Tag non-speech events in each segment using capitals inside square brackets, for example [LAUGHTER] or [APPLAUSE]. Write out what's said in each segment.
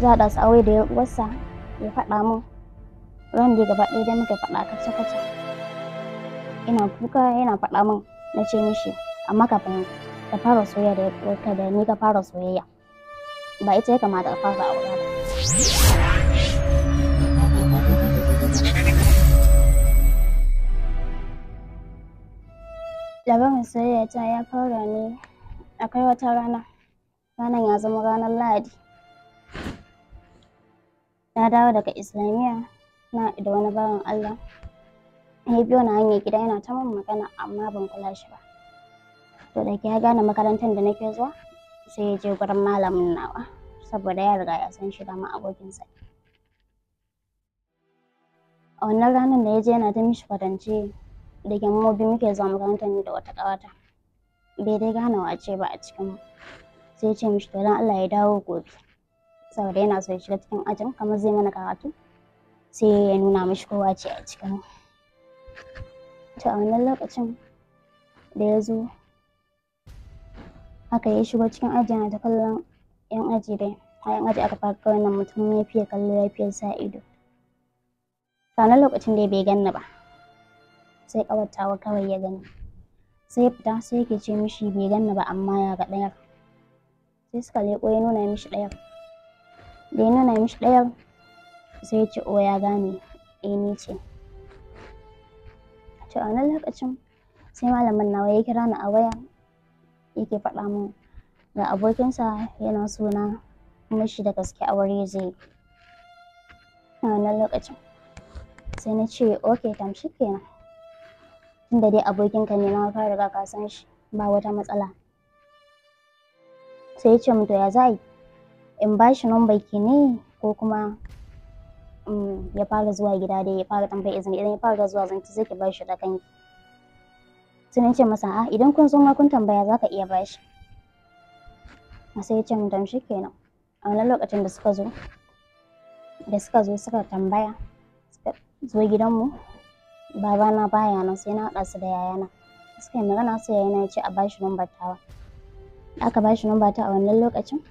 za a su aure da yan uwarsa ya faɗa min ran da gaba ɗaya dai muka faɗa ka kaca ina kuka yana faɗa min na ce mishi amma kafin ka fara soyayya da uwarka da ni ka fara soyayya ba ita ya kamata ka fara aure ba labarin soyayya ta ya fara ne akwai wata rana ranar ya zama ranar lahadi na dawo daga islamiyya na da wani bawan Allah ya biyo na hanyar gida yana ta mun magana amma ban kula shi ba to da ke ya gane makarantar da nake zuwa sai ya je gurin malamin nawa saboda ya riga ya san shi ma abokinsa a wannan ranar da ya je yana ta mishi kwatance da gyammobi muke zuwa makarantar ne da wata ƙawata bai dai gane wace ba a cikin mu sai ya ce mishi to don Allah ya dawo gobe saboda yana so ya shiga cikin ajin kamar zai mana karatu sai ya nuna mishi kowa ce a cikin to a wannan lokacin da ya zo haka ya shigo cikin aji yana ta kallon yan aji dai a yan aji aka fara wannan mutum ya fiye kallo ya fiye sa ido a wannan lokacin dai bai ganna ba sai kawatawa kawai ya gani sai ya fita sai yake ce mishi bai ganna ba amma ya ga ɗayar sai suka leƙo ya nuna mishi ɗayar da ya nuna mishi ɗayan sai ya ce o ya gane eh ni ce to a nan lokacin sai malamin nawa ya kira ni a waya yake faɗa min ga abokinsa yana so na kuma shi da gaske aure zai a wannan lokacin sai na ce ok tamshi kenan tunda dai abokinka ne ma ka riga ka san shi ba wata matsala sai ya ce mu to ya za a yi in ba shi number ki ne ko kuma mm, ya fara zuwa gida dai ya fara tambayi izini idan ya fara zuwa zance zai ki ba shi da kanki sai ce masa a idan kun zo ma kun tambaya za ka iya ba shi sai ya ce mu shi kenan a wannan lokacin da suka zo da suka zo suka tambaya suka zo gidanmu babana baya nan sai na haɗa su da yayana suka yi magana sai yayana ya ce a ba shi number tawa aka ba shi number ta a wannan lokacin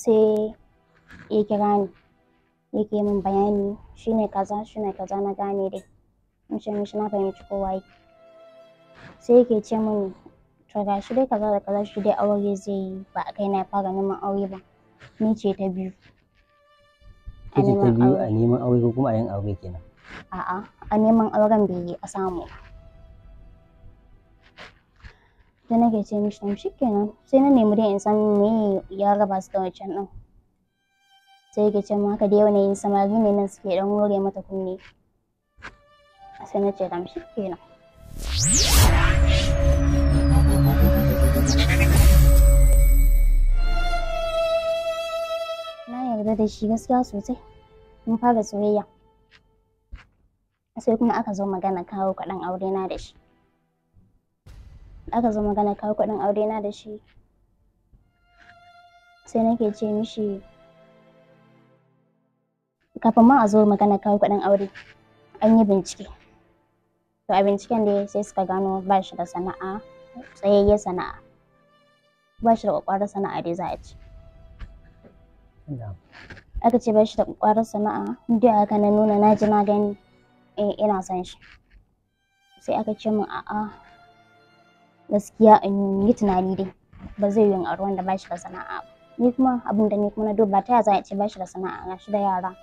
sai ya kira ni yake min bayani shi ne kaza shi ne kaza na gane dai na ce mishi na fahimci ko waye sai yake ce min to ga shi dai kaza da kaza shi dai aure zai yi ba a kaina ya fara neman aure ba ni ce ta biyu ta biyu a neman aure ko kuma a yin aure kenan a'a a neman auren bai yi a samu ta nake ce mishi to shikenan sai na nemi dai in san me ya raba su da wancan din sai yake ce haka da sama samari ne nan suke dan wore mata kunne sai na ce dam shikenan na yarda da shi gaskiya sosai mun fara soyayya sai kuma aka zo magana kawo kaɗan aure na da shi aka zama magana kawo kuɗin aure na da shi sai nake ce mishi kafin ma a zo magana kawo kuɗin aure an yi bincike to a binciken dai sai suka gano ba shi da sana'a tsayayyen sana'a ba shi da kwakwarar sana'a dai za a ce aka ce ba shi da kwakwarar sana'a duk haka na nuna na ji na gani eh, ina son shi sai aka ce min a'a gaskiya in yi tunani dai ba zai yi a ruwan wanda ba shi da sana'a ba ni kuma abin da ni kuma na duba ta yaya za a ce ba shi da sana'a ga shi da yara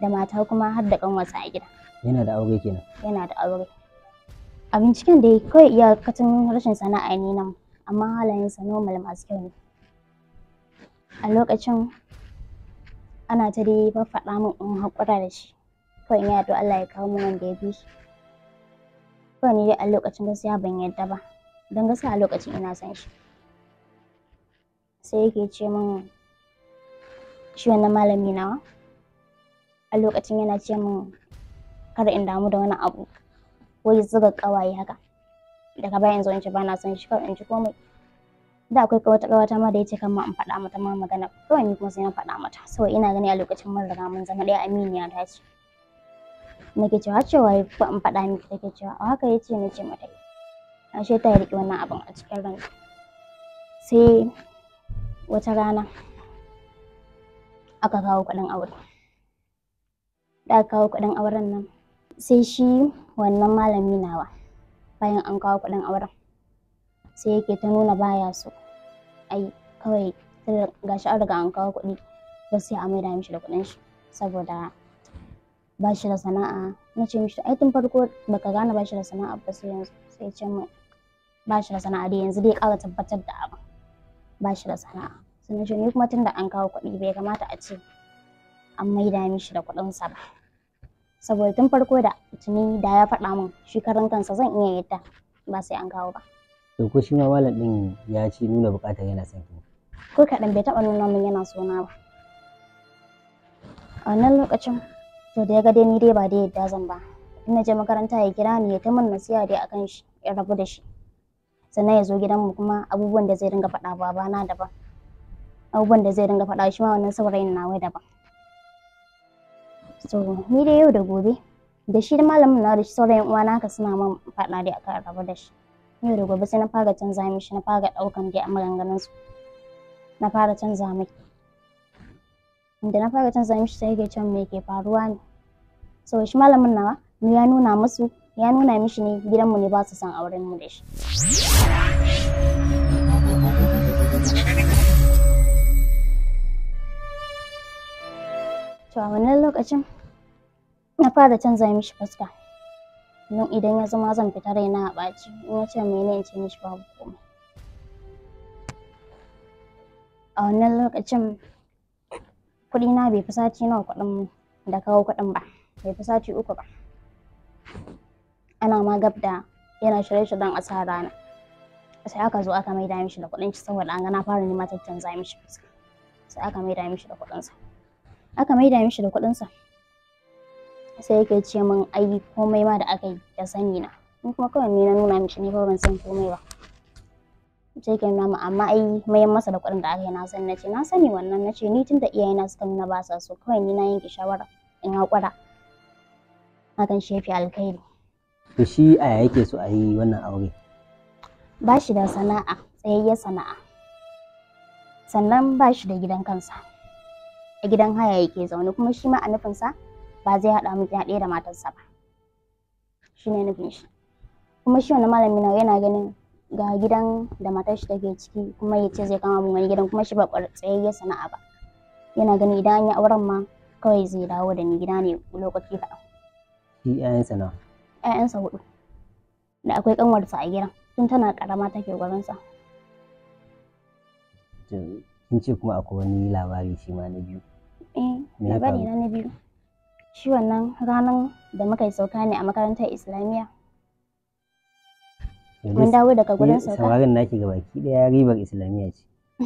da mata kuma har da kanwarsa a gida yana da aure kenan yana da aure a binciken da kawai katin rashin sana'a ne nan amma halayensa normal masu kyau ne a lokacin ana ta dai faɗa min in haƙura da shi kawai in yi addu'a Allah ya kawo min wanda ya bi shi kawai ni a lokacin gaskiya ban yarda ba don gaskiya a lokacin ina son shi sai yake ce min shi wannan malami nawa a lokacin yana ce min kar in damu da wani abu wai zuga ƙawaye haka daga baya in zo in ba na son shi kawai in ji komai da akwai wata ƙawata ma da ya ce kan ma in faɗa mata ma magana kawai ni kuma sai na faɗa mata saboda ina gani a lokacin mun riga mun zama ɗaya aminiya ta ce nake cewa cewa ba in faɗa miki take cewa a haka ya ce na ce mata ashe ta riƙe wannan abin a cikin ran sai wata rana aka kawo kuɗin aure da aka kawo kuɗin auren nan sai shi wannan malami nawa bayan an kawo kuɗin auren sai yake ta nuna baya so ai kawai gashi an riga an kawo kuɗi ba sai a maida mishi da kuɗin shi saboda ba shi da sana'a na ce mishi ai tun farko baka gane ba shi da sana'a ba sai yanzu sai ce mai ba shi da sana'a dai yanzu dai ƙara tabbatar da abin ba shi da sana'a sannan shi ne kuma tunda an kawo kuɗi bai kamata a ce an maida mishi da kuɗinsa ba saboda tun farko da tuni da ya faɗa min shi karan kansa zan iya yadda ba sai an kawo ba to ko shi ma malam ɗin ya ci nuna buƙatar yana son ki ko kaɗan bai taɓa nuna min yana suna ba a wannan lokacin to da ya ga dai ni dai ba dai yadda zan ba Ina je makaranta ya kira ni ya ta min nasiha dai akan shi ya rabu da shi sannan ya zo gidanmu kuma abubuwan da zai ringa faɗa babana daban abubuwan da zai ringa faɗa shi ma wannan saurayin nawa daban so ni dai yau da gobe da shi da malamin na da shi saurayin uwana ka suna man faɗa dai akan rabu da shi yau da gobe sai na fara canza mishi na fara ɗaukan dai a maganganun su na fara canza mai da na fara canza mishi sai ke can me ke faruwa ne so shi malamin nawa ya nuna musu ya nuna mishi ne gidanmu ne ba su san auren mu da shi to a wannan lokacin na fara canza mishi fuska don idan ya zama zan fita raina a ɓaci in ya ce mene in ce mishi babu komai a wannan lokacin kuɗi na bai fi sati nawa kuɗin da kawo kuɗin ba bai fi sati uku ba ana ma gab da yana shirye-shiryen a sa rana sai aka zo aka maida mishi da kuɗin shi saboda an ga na fara nema canza mishi fuska sai aka maida mishi da kuɗinsa aka maida mishi da kuɗinsa sai yake ce min ai komai ma da aka yi da sani na in kuma kawai ni na nuna mishi ne ba ban san komai ba sai yake nuna min amma ai mayan masa da kuɗin da aka yi na san na ce na sani wannan na ce ni tun da iyayena suka nuna ba sa so kawai ni na yanke shawara in haƙura hakan shi alkhairi to shi a yake so a yi wannan aure ba shi da sana'a tsayayyar sana'a sannan ba shi da gidan kansa a gidan haya yake zaune kuma shi ma a nufinsa ba zai haɗa miki haɗe da matarsa ba shi ne nufin shi kuma shi wani malami na yana ganin ga gidan da matar shi take ciki kuma ya ce zai kama mun wani gidan kuma shi ba tsayayye sana'a ba yana ganin idan an yi auren ma kawai zai dawo da ni gida ne lokaci kaɗan. shi ƴaƴansa na? ƴaƴansa hudu da akwai ƙanwarsa a gidan tun tana ƙarama take gurinsa. kin ce kuma akwai wani labari shi ma na biyu labari na na biyu shi wannan ranar da muka yi sauka ne a makarantar islamiyya mun dawo daga gurin sauka samarin naki ga baki daya ribar islamiyya ce [LAUGHS]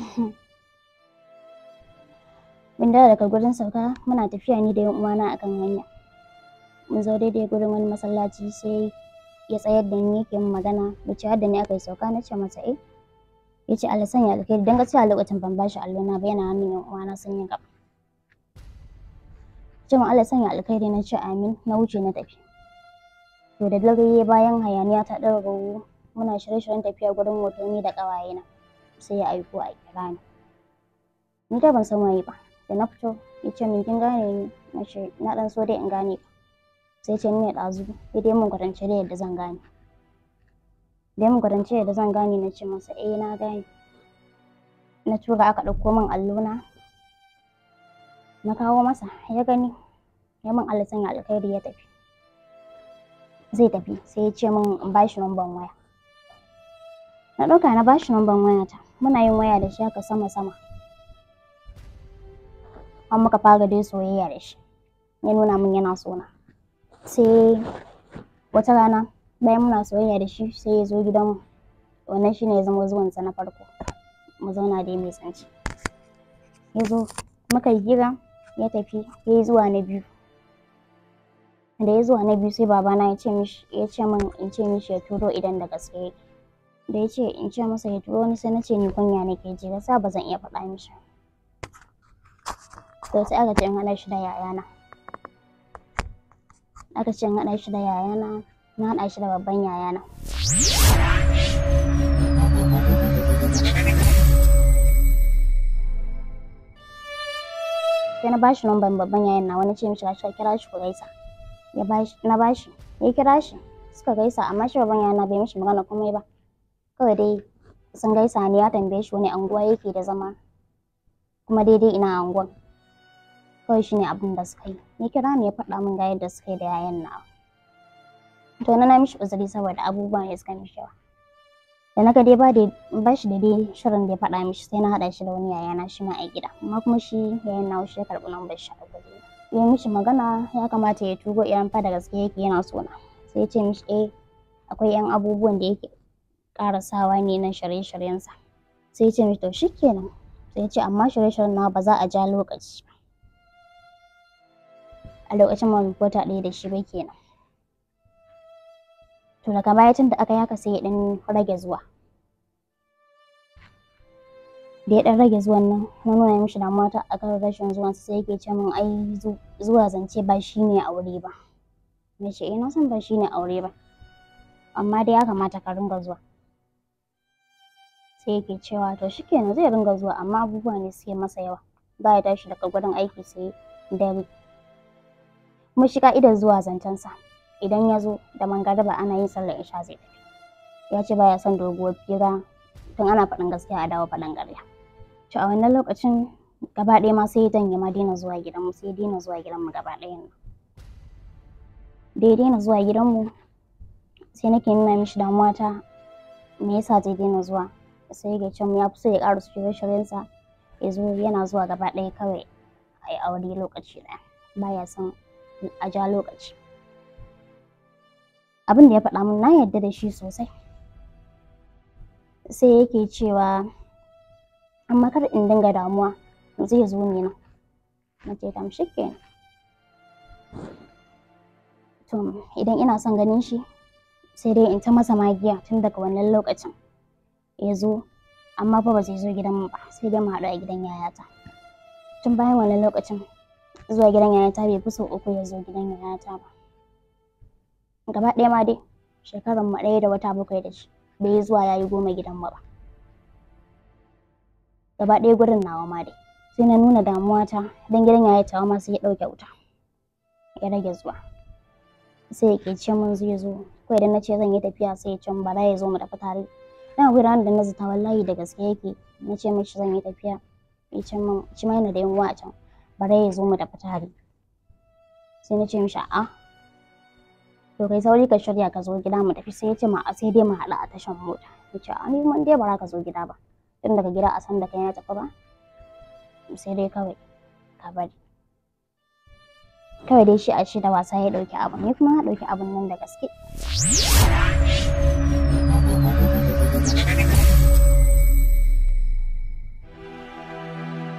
mun dawo daga gurin sauka muna tafiya ni da yan uwana akan hanya mun zo daidai gudun wani masallaci sai ya tsayar da ni yake magana da ce har da ni aka yi sauka na ce masa eh ya ce alasan ya alkhairi don gaskiya a lokacin ban ba bashi allona ba yana hannun yan uwana sun yi gaba jama'a Allah sanya alkhairi na ce amin na wuce na tafi to da dare bayan hayaniya ta ɗaura rawo muna shirye-shiryen tafiya gurin watanni da ƙawayena sai ya aiko a kira ni ni da ban san waye ba da na fito ya ce min kin gane ni na ce na ɗan so dai in gane ka sai ce ni ne ɗazu ya dai mun kwatance da yadda zan gane dai mun kwatance da yadda zan gane na ce masa eh na gane na tura aka dauko min allona na kawo masa ya gani ya min Allah sanya alkhairi ya tafi zai tafi sai ya ce min in bashi numban waya na ɗauka na bashi numban wayata muna yin waya da shi haka sama sama an muka fara dai soyayya da shi ya nuna min yana sona sai wata rana bayan muna soyayya da shi sai ya zo gidanmu wannan shine ya zama zuwansa na farko mu zauna dai mai tsanci ya zo muka yi gira ya tafi ya yi zuwa na biyu da ya zuwa na biyu sai babana ya ce min in ce mishi ya turo idan da gaske yake da ya ce in ce masa ya turo ni sai na ce ni kunya ke ji gasa ba zan iya faɗa mishi to sai aka ce in haɗa shi da yayana aka ce in haɗa shi da yayana na haɗa shi da babban yayana sai na bashi numban babban yayin na wani ce mishi ka kira shi ku gaisa ya bashi na bashi ya kira shi suka gaisa amma shi babban yayin na bai mishi magana komai ba kawai dai sun gaisa ne ya tambaye shi wani anguwa yake da zama kuma daidai ina anguwan kawai shi ne abin da suka yi ya kira ni ya faɗa min ga yadda suka yi da yayin na to na na mishi uzuri saboda abubuwan ya suka mishi yawa da na ga dai ba ba shi da dai shirin da ya faɗa mishi sai na haɗa shi da wani yayana shi ma a gida amma kuma shi ya yi na ya karɓi lambar shi a gare ya mishi magana ya kamata ya tugo idan fa gaske yake yana so na sai ya ce mishi eh akwai yan abubuwan da yake sawa ne na shirye-shiryensa sai ya ce mishi to kenan sai ce amma shirye-shiryen na ba za a ja lokaci ba a lokacin ma ta ɗaya da shi ba kenan to daga baya tun da aka yi haka sai ya ɗan rage zuwa da ya ɗan rage zuwan nan na nuna mishi damuwa ta akan rashin zuwan sai yake ce min ai zuwa zance ba shi ne aure ba na ce 'Ina eh, na san ba ne aure ba amma dai ya kamata ka ringa zuwa sai yake cewa to shi shikenan zai ringa zuwa amma abubuwa ne suke masa yawa ba ya tashi daga gurin aiki sai dare mun shiga idan zuwa zancensa idan ya zo da mangariba ana yin sallar isha zai tafi ya ce baya son doguwar fira tun ana faɗin gaskiya a dawo faɗin ƙarya to a wannan lokacin gaba ɗaya ma sai ya janye ma daina zuwa gidanmu sai daina zuwa gidanmu gaba ɗayan da ya daina zuwa gidanmu sai nake nuna mishi damuwa ta me yasa zai daina zuwa sai ya ce mu ya fi so ya ƙara shirye sa ya zo yana zuwa gaba ɗaya kawai a yi aure lokaci ɗaya baya son a ja lokaci abin da ya faɗa min na yarda da shi sosai sai yake cewa amma kar in dinga damuwa zai zo ne nan na ce kam shikenan to idan ina son ganin shi sai dai in ta masa magiya tun daga wannan lokacin ya zo amma fa ba zai zo mu ba sai dai mu haɗu a gidan yayata tun bayan wannan lokacin zuwa gidan yayata bai fi sau uku ya zo gidan yayata ba gaba ɗaya ma dai shekaran mu ɗaya da wata bakwai da shi bai zuwa ya yi goma gidan mu ba gaba ɗaya gurin nawa ma dai sai na nuna damuwa ta don gidan yi tawa ma sai ya ɗauke wuta ya rage zuwa sai ya ce mun zai zo kawai idan na ce zan yi tafiya sai ya ce ba za ya zo mu tafi tare dan akwai ranar da na zata wallahi da gaske yake na ce mishi zan yi tafiya ya ce mun shi ma yana da yan uwa a can ba ya zo mu tafi tare sai na ce mishi a'a to kai sauri ka shirya ka zo gida mu tafi sai ya ce ma sai dai mu haɗa a tashan mota ya ce a ni man dai ba za ka zo gida ba tun daga gida a san da kai na tafi ba sai dai kawai ka bari kawai dai shi a shi da wasa ya ɗauki abu ne kuma na ɗauki abun nan da gaske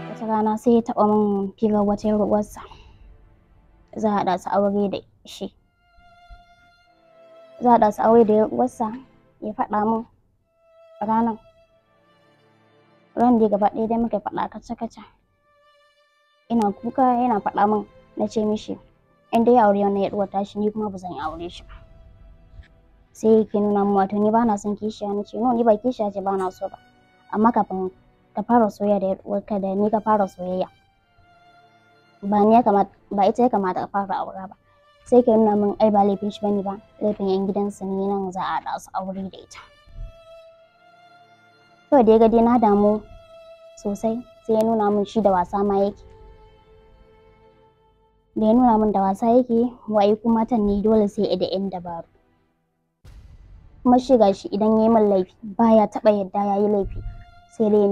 wata rana sai ya taɓa min firar wata yarwarsa za a haɗa su aure da shi za a su aure da ya uwarsa ya faɗa min ranar ran da gaba ɗaya dai muka faɗa kaca kaca ina kuka yana faɗa min na ce mishi in dai aure wannan ya ɗuwar tashi ni kuma ba zan aure shi ba sai yake nuna mu wato ni ba na son kishiya na ce no ni ba kishiya ce ba na so ba amma kafin ka fara soyayya da uwarka da ni ka fara soyayya ba ni ya kamata ba ita ya kamata ka fara aura ba sai ka nuna min ai ba laifin shi bane ba laifin yan gidansa ne nan za a haɗa su aure da ita to da ya ga dai na damu sosai sai ya nuna min shi da wasa ma yake da ya nuna min da wasa yake wai kuma matan ne dole sai da yan dabaru kuma shi gashi idan ya yi min laifi baya taɓa yadda ya yi laifi sai dai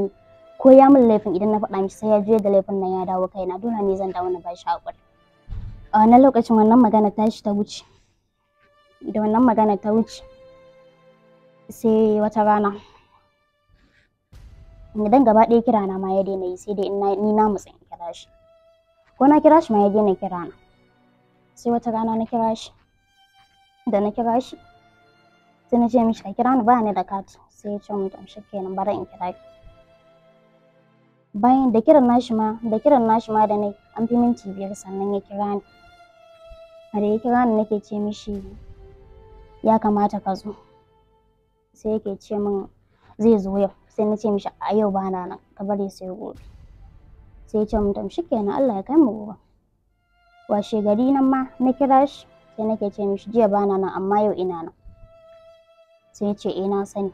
ko ya min laifin idan na faɗa mishi sai ya je da laifin nan ya dawo kaina dole ne zan dawo na bashi haƙuri a wannan lokacin wannan magana ta shi ta wuce da wannan magana ta wuce sai wata rana dan gaba ɗaya kira na ma ya daina yi sai dai ni na mutsa in kira shi ko na kira shi ma ya daina kira na sai wata rana na kira shi da na kira shi sai na ce mishi ka kira ni ba ni da kati sai ya ce mun to shi kenan bara in kira ki bayan da kiran nashi ma da kiran nashi ma da nai an fi minti biyar sannan ya kira ni da ya kira ni nake ce mishi ya kamata ka zo sai yake ce min zai zo yau sai na ce mishi a yau ba na nan ka bari sai gobe sai ya ce min tam shikenan Allah ya kai mu gobe washe gari nan ma na kira shi sai nake ce mishi jiya ba na nan amma yau ina nan sai ya ce eh na sani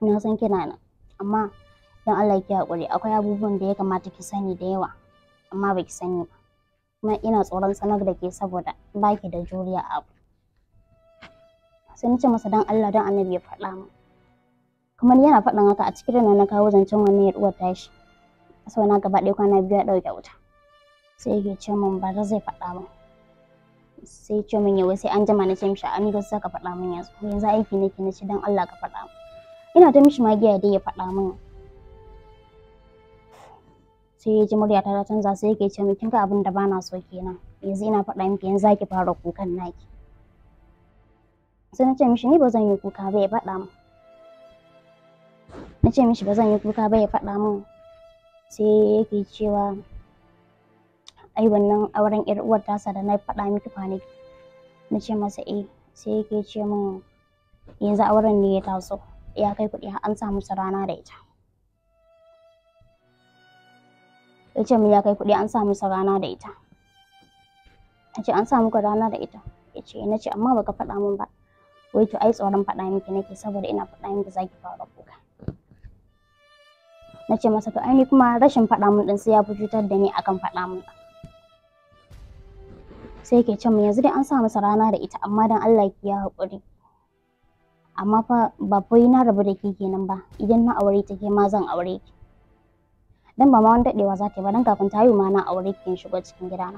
na san kina nan amma don Allah ki hakuri akwai abubuwan da ya kamata ki sani da yawa amma baki sani ba kuma ina tsoron sanar da ke saboda baki da juriya a abu sai ce masa dan Allah dan annabi ya faɗa mu kamar yana faɗan haka a cikin rana na kawo zancen wannan ya uwar tashi A sau na gaba ɗaya kwana biyu ya ɗauke wuta sai yake ce min ba zai faɗa min sai ce min yau sai an jima na ce mishi an gaskiya ka faɗa min yanzu yanzu aiki nake na ce dan Allah ka faɗa min ina ta mishi magiya dai ya faɗa min sai ya ji muryata ta canza sai yake ce min kin ga abin da bana so kenan yanzu ina faɗa miki yanzu zaki fara kukan naki sai na ce mishi ni ba zan yi kuka ba ya faɗa min na ce mishi ba zan yi kuka ba ya faɗa min sai yake cewa ai wannan auren ƴar uwar tasa da na faɗa miki ne na ce masa eh sai yake ce min yanzu auren ne ya taso ya kai kuɗi har an sa musu rana da ita ya ce min ya kai kuɗi an sa musu rana da ita na ce an sa muka rana da ita ya ce na ce amma baka faɗa min ba wai to ai tsoron faɗa miki nake saboda ina faɗa miki zaki fara kuka na ce masa to ai kuma rashin faɗa min ɗin sai ya fi cutar da ni akan faɗa min ba sai yake ce yanzu dai an sa masa rana da ita amma dan Allah ki ya haƙuri amma fa ba na rabu da ke kenan ba idan na aure ta ke ma zan aure ki dan ba ma wani dadewa za ta yi ba dan kafin ta haihu ma na aure kin shigo cikin gida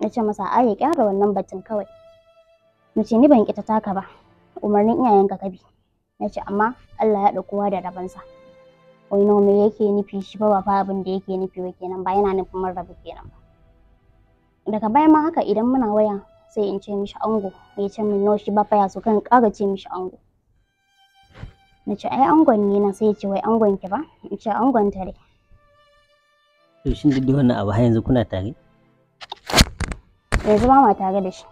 na ce masa a ya kyara wannan batun kawai na ce ni ban ta taka ba umarnin iyayen ka bi na ce amma Allah ya da kowa da rabansa wai no me yake nufi shi ba fa abin da yake nufi wa kenan ba yana nufin mun rabu kenan ba daga baya ma haka idan muna waya sai in ce mishi ango ya ce min no shi ba fa ya so kan ƙara ce mishi ango na ce ai angon ne na sai ya ce wai angon ki ba in ce angon ta dai To shin duk wannan abu har yanzu kuna tare? Yanzu ba ma tare da shi.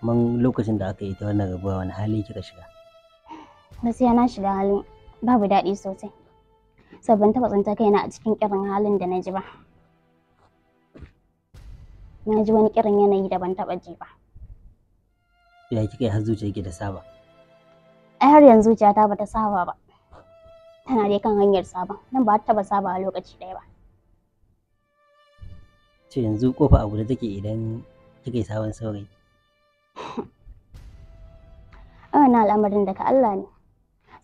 Amma lokacin da aka yi ta wannan rabuwa wani hali kika shiga? Gaskiya na shiga halin babu daɗi sosai. Saboda taɓa tsinta kaina a cikin irin halin da na ji ba. Na ji wani irin yanayi da ban taɓa ji ba. Ya kika yi har zuciya zuciyarki da saba? Ai har yanzu zuciyata ba ta saba ba. Tana dai kan hanyar saba. Nan ba ta taɓa saba a lokaci ɗaya ba. ce yanzu kofa a guda take idan kike sabon saurayi [LAUGHS] wannan al'amarin daga Allah ne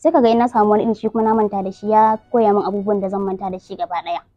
sai kaga ina samu wani shi kuma na manta da shi ya koya min abubuwan da zan manta da shi gaba ɗaya